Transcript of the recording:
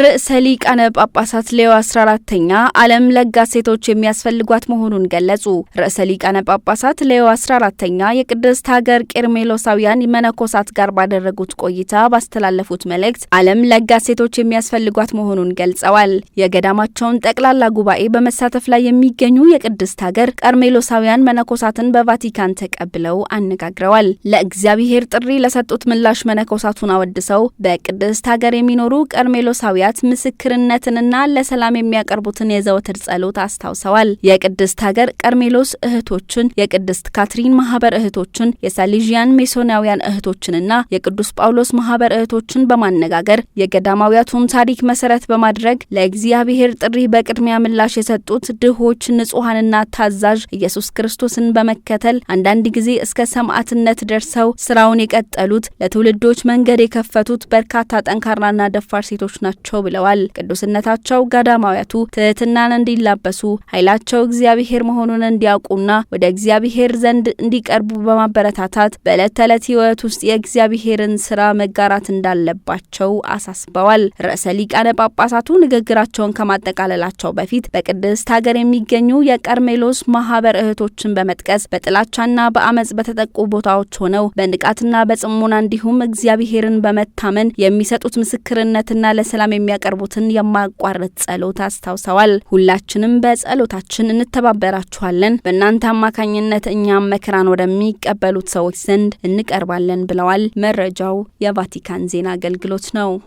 ርዕሰ ሊቃነ ጳጳሳት ሌዮ 14ተኛ ዓለም ለጋ ሴቶች የሚያስፈልጓት መሆኑን ገለጹ። ርዕሰ ሊቃነ ጳጳሳት ሌዮ 14ተኛ የቅድስት ሀገር ቄርሜሎሳውያን መነኮሳት ጋር ባደረጉት ቆይታ ባስተላለፉት መልእክት ዓለም ለጋ ሴቶች የሚያስፈልጓት መሆኑን ገልጸዋል። የገዳማቸውን ጠቅላላ ጉባኤ በመሳተፍ ላይ የሚገኙ የቅድስት ሀገር ቀርሜሎሳውያን መነኮሳትን በቫቲካን ተቀብለው አነጋግረዋል። ለእግዚአብሔር ጥሪ ለሰጡት ምላሽ መነኮሳቱን አወድሰው በቅድስት ሀገር የሚኖሩ ቀርሜሎሳ ኢትዮጵያውያት ምስክርነትንና ለሰላም የሚያቀርቡትን የዘወትር ጸሎት አስታውሰዋል። የቅድስት ሀገር ቀርሜሎስ እህቶችን፣ የቅድስት ካትሪን ማህበር እህቶችን፣ የሳሊዥያን ሜሶናውያን እህቶችንና የቅዱስ ጳውሎስ ማህበር እህቶችን በማነጋገር የገዳማውያቱን ታሪክ መሰረት በማድረግ ለእግዚአብሔር ጥሪ በቅድሚያ ምላሽ የሰጡት ድሆች፣ ንጹሐንና ታዛዥ ኢየሱስ ክርስቶስን በመከተል አንዳንድ ጊዜ እስከ ሰማዕትነት ደርሰው ስራውን የቀጠሉት ለትውልዶች መንገድ የከፈቱት በርካታ ጠንካራና ደፋር ሴቶች ናቸው ናቸው ብለዋል። ቅዱስነታቸው ገዳማውያቱ ትህትናን እንዲላበሱ ኃይላቸው እግዚአብሔር መሆኑን እንዲያውቁና ወደ እግዚአብሔር ዘንድ እንዲቀርቡ በማበረታታት በዕለት ተዕለት ሕይወት ውስጥ የእግዚአብሔርን ስራ መጋራት እንዳለባቸው አሳስበዋል። ርዕሰ ሊቃነ ጳጳሳቱ ንግግራቸውን ከማጠቃለላቸው በፊት በቅድስት ሀገር የሚገኙ የቀርሜሎስ ማህበር እህቶችን በመጥቀስ በጥላቻና በአመፅ በተጠቁ ቦታዎች ሆነው በንቃትና በጽሞና እንዲሁም እግዚአብሔርን በመታመን የሚሰጡት ምስክርነትና ለሰላም የሚያቀርቡትን የማያቋርጥ ጸሎት አስታውሰዋል። ሁላችንም በጸሎታችን እንተባበራችኋለን፣ በእናንተ አማካኝነት እኛም መከራን ወደሚቀበሉት ሰዎች ዘንድ እንቀርባለን ብለዋል። መረጃው የቫቲካን ዜና አገልግሎት ነው።